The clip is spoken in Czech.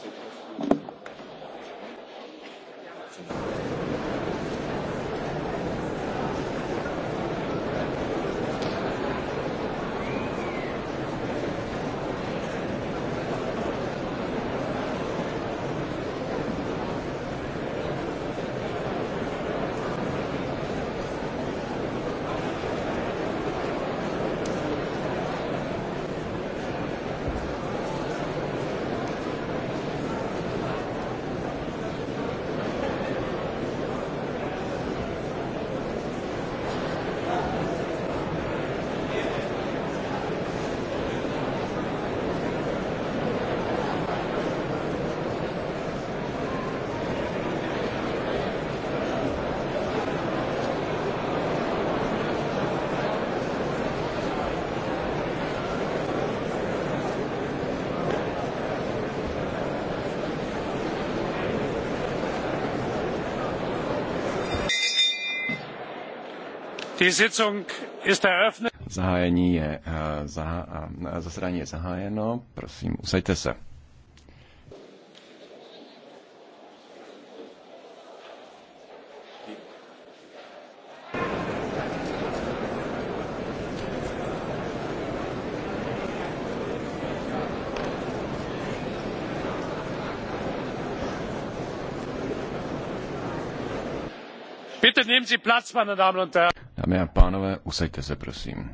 Thank you. Zahájení je, eh, zah, eh, zasedání je zahájeno. Prosím, usaďte se. bitte nehmen sie platz meine damen und herren! Dámy a pánové, usaďte se, prosím.